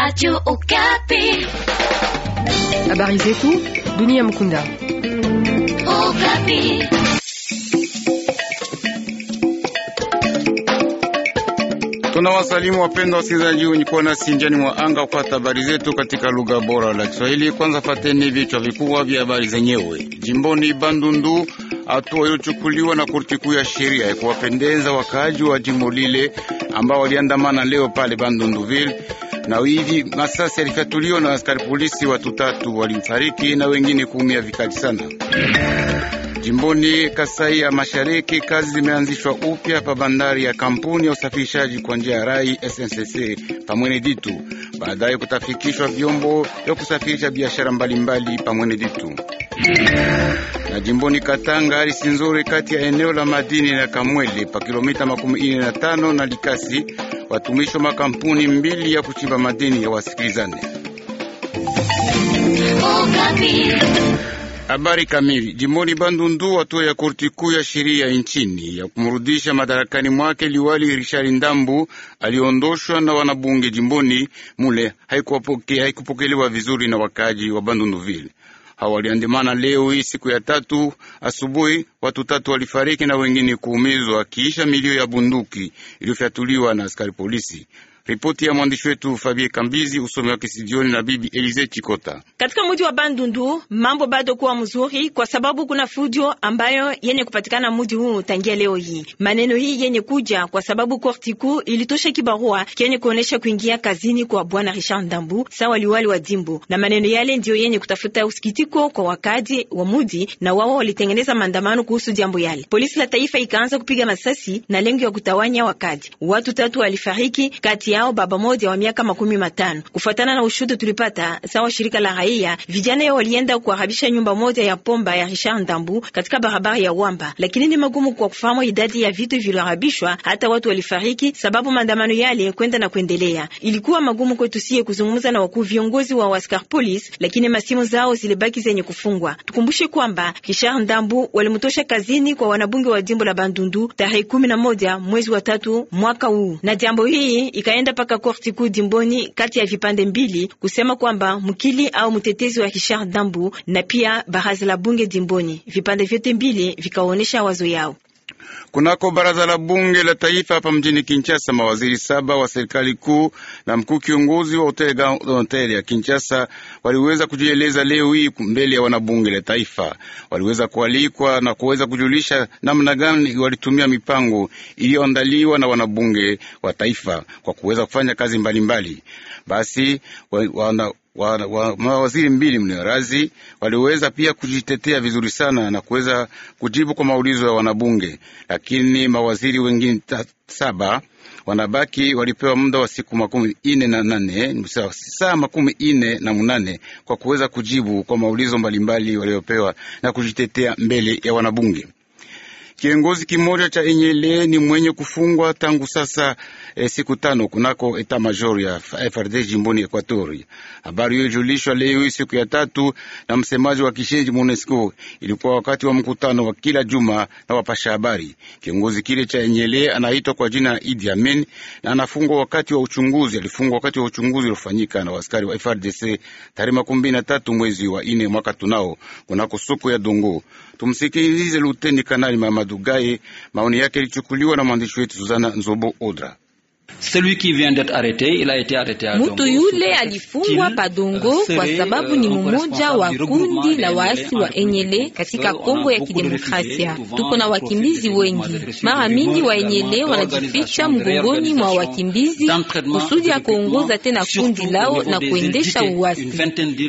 Radio Okapi. Habari zetu dunia mkunda. Okapi. Tunawasalimu wapendwa wasikilizaji wenye kuwa nasi njiani mwa anga kupata habari zetu katika lugha bora la Kiswahili. Kwanza fateni vichwa vikubwa vya habari zenyewe. Jimboni Bandundu, hatua iliyochukuliwa na korti kuu ya sheria ya kuwapendeza wakaaji wa jimbo lile ambao waliandamana leo pale Bandunduville na hivi masasi yalifyatuliwa na askari polisi, watu tatu walimfariki na wengine kuumia vikali sana. Jimboni Kasai ya Mashariki, kazi zimeanzishwa upya pa bandari ya kampuni ya usafirishaji kwa njia ya rai SNCC pamwene ditu. Baadaye kutafikishwa vyombo vya kusafirisha biashara mbalimbali pamwene ditu. Na jimboni Katanga, hali si nzuri kati ya eneo la madini na Kamwele pa kilomita makumi ine na tano na Likasi watumishi wa makampuni mbili ya kuchimba madini ya wasikilizane. Habari kamili. Jimboni Bandundu, hatua ya korti kuu ya sheria nchini ya kumrudisha madarakani mwake liwali Richard Ndambu aliondoshwa na wanabunge jimboni mule haikupokelewa vizuri na wakaji wa Bandundu vile Hawa waliandamana leo hii siku ya tatu asubuhi, watu tatu walifariki na wengine kuumizwa kisha milio ya bunduki iliyofyatuliwa na askari polisi. Ripoti ya mwandishi wetu Fabie Kambizi, usomi wake studioni na bibi Elize Chikota. Katika muji wa Bandundu mambo bado kuwa mzuri, kwa sababu kuna fujo ambayo yenye kupatikana muji huu tangia leo hii. Maneno hii yenye kuja kwa sababu korti kuu ilitosha kibarua kenye kuonesha kuingia kazini kwa bwana Richard Ndambu sawa liwali wa jimbo, na maneno yale ndiyo yenye kutafuta usikitiko kwa wakaji wa muji, na wao walitengeneza maandamano kuhusu jambo yale. Polisi la taifa ikaanza kupiga masasi na lengo ya kutawanya wakaji. Watu tatu walifariki kati ya nao baba moja wa miaka makumi matano. Kufuatana na ushuhuda tulipata sawa shirika la raia, vijana yao walienda kuharibisha nyumba moja ya pomba ya Richard Ndambu katika barabara ya Wamba, lakini ni magumu kwa kufahamu idadi ya vitu vilivyoharibishwa, hata watu walifariki sababu maandamano yale kwenda na kuendelea. Ilikuwa magumu kwetu sie kuzungumza na wakuu viongozi wa waskar polis lakini masimu zao zilibaki zenye kufungwa. Tukumbushe kwamba Richard Ndambu walimtosha kazini kwa wanabunge wa jimbo la Bandundu tarehe moja mwezi wa tatu mwaka huu na jambo hii ikaenda anaenda paka korti kuu jimboni kati ya vipande mbili kusema kwamba mkili au mtetezi wa Richard Dambu na pia baraza la bunge jimboni, vipande vyote mbili vikaonesha wazo yao. Kunako baraza la bunge la taifa hapa mjini Kinshasa, mawaziri saba wa serikali kuu na mkuu kiongozi wa hoteli ya Kinshasa waliweza kujieleza leo hii mbele ya wanabunge la taifa. Waliweza kualikwa na kuweza kujulisha namna gani walitumia mipango iliyoandaliwa na wanabunge wa taifa kwa kuweza kufanya kazi mbalimbali mbali. Basi wana, wa, wa, mawaziri mbili mle razi waliweza pia kujitetea vizuri sana na kuweza kujibu kwa maulizo ya wanabunge, lakini mawaziri wengine saba wanabaki walipewa muda wa siku makumi ine na nane saa makumi ine na munane kwa kuweza kujibu kwa maulizo mbalimbali waliopewa na kujitetea mbele ya wanabunge. Kiongozi kimoja cha Enyele ni mwenye kufungwa tangu sasa e, siku tano kunako eta major ya FRD jimboni Ekwatori. Habari hiyo ilijulishwa leo hii siku ya tatu na msemaji wa kisheji MONUSCO. Ilikuwa wakati wa mkutano wa kila juma na wapasha habari. Kiongozi kile cha Enyele anaitwa kwa jina Idi Amin na anafungwa wakati wa uchunguzi, alifungwa wakati wa uchunguzi uliofanyika na askari wa FRDC tarehe makumi mbili na tatu mwezi wa nne mwaka tunao kunako soko ya Dongo. Tumsikilize Luteni Kanali Mamadu maoni yake yalichukuliwa na mwandishi wetu Suzana Nzobo Odra. Mtu yule alifungwa Padongo euh, kwa sababu ni euh, mmoja wa kundi la waasi wa Enyele euh, katika Kongo ya Kidemokrasia. Tuko na wakimbizi wengi, mara mingi wa Enyele wanajificha mgongoni mwa wakimbizi kusudi ya kuongoza tena kundi lao na kuendesha uasi.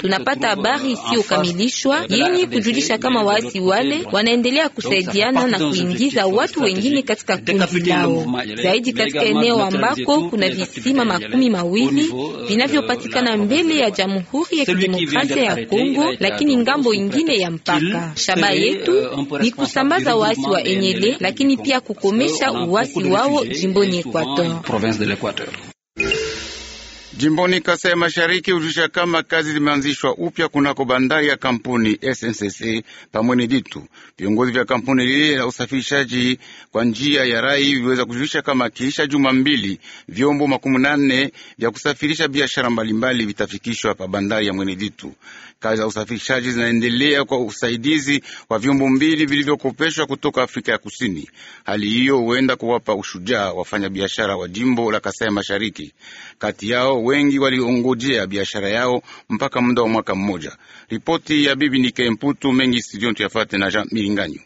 Tunapata habari isiyokamilishwa yenye kujulisha kama waasi wale wanaendelea kusaidiana na kuingiza watu wengine katika kundi lao zaidi katika eneo ambako ambako kuna visima makumi mawili euh, vinavyopatikana mbele ya Jamhuri ya Kidemokrasia ya Kongo, lakini ngambo ingine ya mpaka. Shabaha euh, yetu ni kusambaza waasi wa Enyele, lakini pia kukomesha uasi wao jimboni equator Jimboni Kasai Mashariki hujulisha kama kazi zimeanzishwa upya kunako bandari ya kampuni SNCC pamwene Ditu. Viongozi vya kampuni lile la usafirishaji kwa njia ya rai viweza kujulisha kama kiisha juma mbili vyombo makumi nane vya kusafirisha biashara mbalimbali vitafikishwa pa bandari ya Mweni Ditu. Kazi za usafirishaji zinaendelea kwa usaidizi wa vyombo mbili vilivyokopeshwa kutoka Afrika ya Kusini. Hali hiyo huenda kuwapa ushujaa wafanyabiashara wa jimbo la Kasai Mashariki, kati yao wengi waliongojea biashara yao mpaka muda wa mwaka mmoja. Ripoti ya Bibi Nike Mputu mengi studio tuyafate na Jean Milinganyo.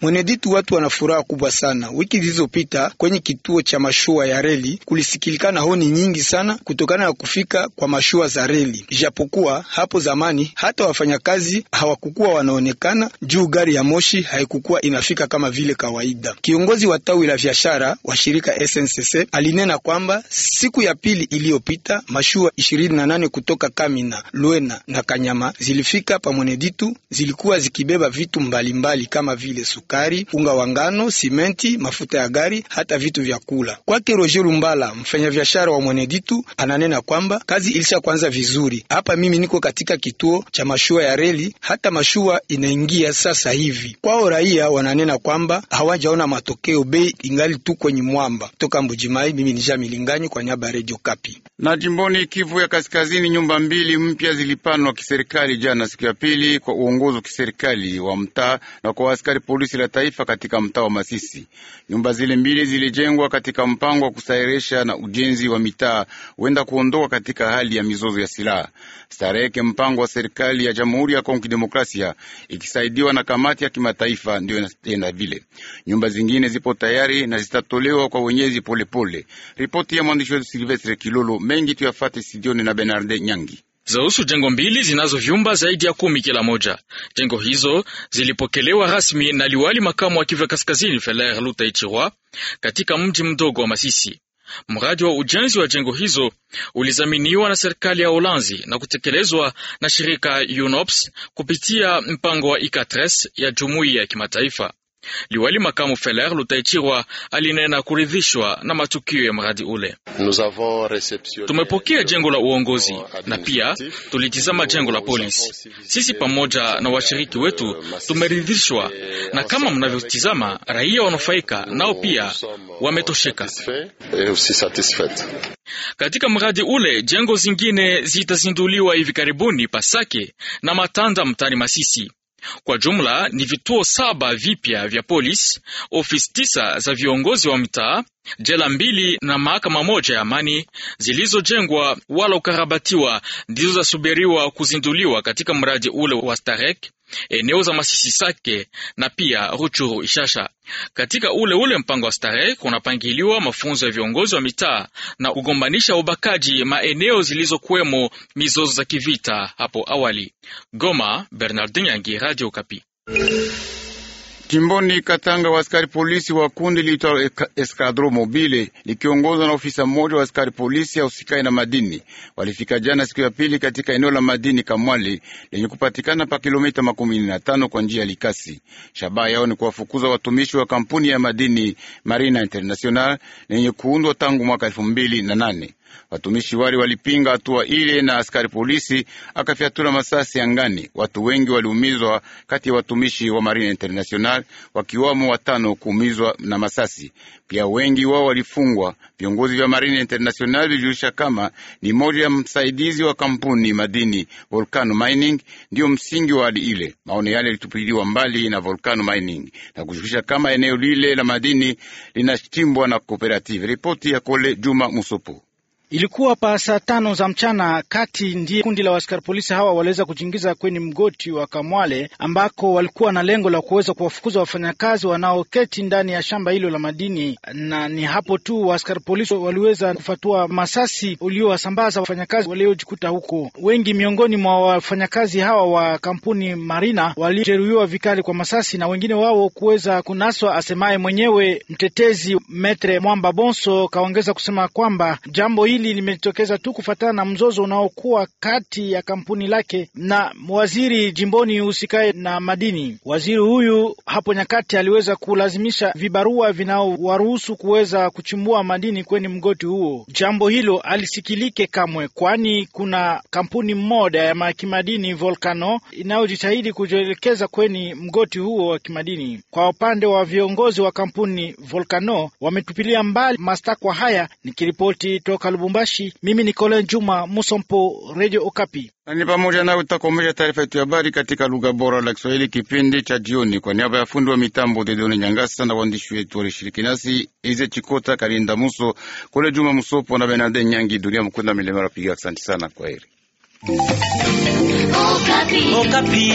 Mweneditu, watu wana furaha kubwa sana. Wiki zilizopita kwenye kituo cha mashua ya reli kulisikilikana honi nyingi sana kutokana na kufika kwa mashua za reli, ijapokuwa hapo zamani hata wafanyakazi hawakukuwa wanaonekana juu gari ya moshi haikukuwa inafika kama vile kawaida. Kiongozi wa tawi la biashara wa shirika SNCC alinena kwamba siku ya pili iliyopita mashua 28 kutoka Kamina, Luena na Kanyama zilifika pa Mweneditu, zilikuwa zikibeba vitu mbalimbali mbali kama vile suku sukari, unga wa ngano, simenti, mafuta ya gari, hata vitu vya kula. Kwake Roger Lumbala, mfanyabiashara wa Mweneditu, ananena kwamba kazi ilisha kwanza vizuri. Hapa mimi niko katika kituo cha mashua ya reli, hata mashua inaingia sasa hivi. Kwao raia wananena kwamba hawajaona matokeo, bei ingali tu kwenye mwamba. Toka Mbujimai, mimi ni Jamilinganyi kwa nyaba ya Radio Kapi. Na jimboni Kivu ya Kaskazini, nyumba mbili mpya zilipanwa kiserikali jana siku ya pili kwa uongozi wa kiserikali wa mtaa na kwa askari polisi jeshi la taifa katika mtaa wa Masisi. Nyumba zile mbili zilijengwa katika mpango wa kusaheresha na ujenzi wa mitaa huenda kuondoka katika hali ya mizozo ya silaha. Stareke, mpango wa serikali ya Jamhuri ya Kongo Kidemokrasia ikisaidiwa na kamati ya kimataifa, ndio enda vile. Nyumba zingine zipo tayari na zitatolewa kwa wenyezi polepole. Ripoti ya mwandishi wetu Silvestre Kilolo. Mengi tuyafate studioni na Bernarde Nyangi zahusu jengo mbili zinazo vyumba zaidi ya kumi kila moja. Jengo hizo zilipokelewa rasmi na liwali makamu wa Kivu Kaskazini Feler Luta Ichirwa katika mji mdogo wa Masisi. Mradi wa ujenzi wa jengo hizo ulizaminiwa na serikali ya Ulanzi na kutekelezwa na shirika UNOPS kupitia mpango wa ICATRES ya jumuiya ya kimataifa. Liwali makamu Feller Lutaichirwa alinena kuridhishwa na matukio ya mradi ule. Tumepokea jengo la uongozi na pia tulitizama jengo la polisi. Sisi pamoja na washiriki wetu euh, tumeridhishwa, na kama mnavyotizama, raia wanufaika nao pia wametosheka katika mradi ule. Jengo zingine zitazinduliwa hivi karibuni Pasake na Matanda mtani Masisi. Kwa jumla ni vituo saba vipya vya polisi, ofisi tisa za viongozi wa mitaa, jela mbili na mahakama moja ya amani zilizojengwa wala ukarabatiwa ndizo zasubiriwa kuzinduliwa katika mradi ule wa Starek eneo za Masisi Sake na pia Ruchuru Ishasha. Katika ule ule mpango wa starehe kunapangiliwa mafunzo ya viongozi wa mitaa na kugombanisha ubakaji maeneo zilizokuwemo mizozo za kivita hapo awali. Goma, Bernardin Yangi, Radio Kapi. Jimboni Katanga, wa askari polisi wa kundi liitwa Eskadro Mobile likiongozwa na ofisa mmoja wa askari polisi ausikai na madini walifika jana siku ya pili katika eneo la madini Kamwali lenye kupatikana pa kilomita makumi na tano kwa njia ya Likasi. Shabaha yao ni kuwafukuza watumishi wa kampuni ya madini Marina International lenye kuundwa tangu mwaka elfu mbili na nane. Watumishi wale walipinga hatua ile na askari polisi akafyatula masasi angani. Watu wengi waliumizwa kati ya watumishi wa Marine International, wakiwamo watano kuumizwa na masasi. Pia wengi wao walifungwa. Viongozi vya Marine International vilijulisha kama ni moja ya msaidizi wa kampuni madini Volcano Mining ndiyo msingi wa hali ile. Maone yale yalitupiliwa mbali na Volcano Mining na kujulisha kama eneo lile la madini linachimbwa na kooperative. Ripoti ya Kole Juma Musopo. Ilikuwa pa saa tano za mchana kati ndiye kundi la waskari polisi hawa waliweza kujiingiza kwenye mgoti wa Kamwale ambako walikuwa na lengo la kuweza kuwafukuza wafanyakazi wanaoketi ndani ya shamba hilo la madini, na ni hapo tu waskari polisi waliweza kufatua masasi uliowasambaza wafanyakazi waliojikuta huko. Wengi miongoni mwa wafanyakazi hawa wa kampuni Marina walijeruhiwa vikali kwa masasi na wengine wao kuweza kunaswa. Asemaye mwenyewe mtetezi Metre Mwamba Bonso kaongeza kusema kwamba jambo hili hili limetokeza tu kufuatana na mzozo unaokuwa kati ya kampuni lake na waziri jimboni husikaye na madini. Waziri huyu hapo nyakati aliweza kulazimisha vibarua vinaowaruhusu kuweza kuchimbua madini kwenye mgodi huo. Jambo hilo alisikilike kamwe, kwani kuna kampuni mmoja ya kimadini Volcano inayojitahidi kujielekeza kwenye mgodi huo wa kimadini. Kwa upande wa viongozi wa kampuni Volcano, wametupilia mbali mastakwa haya. Nikiripoti toka Lubu Lubumbashi, mimi ni Colin Juma Musompo, Radio Okapi. Ni pamoja nawe tutakomesha taarifa yetu ya habari katika lugha bora la Kiswahili kipindi cha jioni. Kwa niaba ya fundi wa mitambo Dedone Nyangasa na waandishi wetu walishiriki nasi Ize Chikota, Karinda Muso, Kole Juma Musopo na Benade Nyangi, Dunia Mkunda milemara Piga. Asante sana, kwa heri. Okapi. Okapi.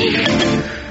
Eh.